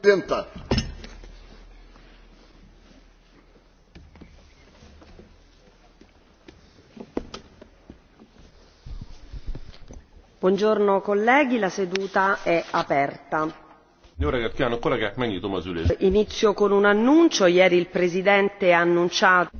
presidenta buongiorno colleghi la seduta è aperta. inizio con un annuncio ieri il presidente ha annunciato.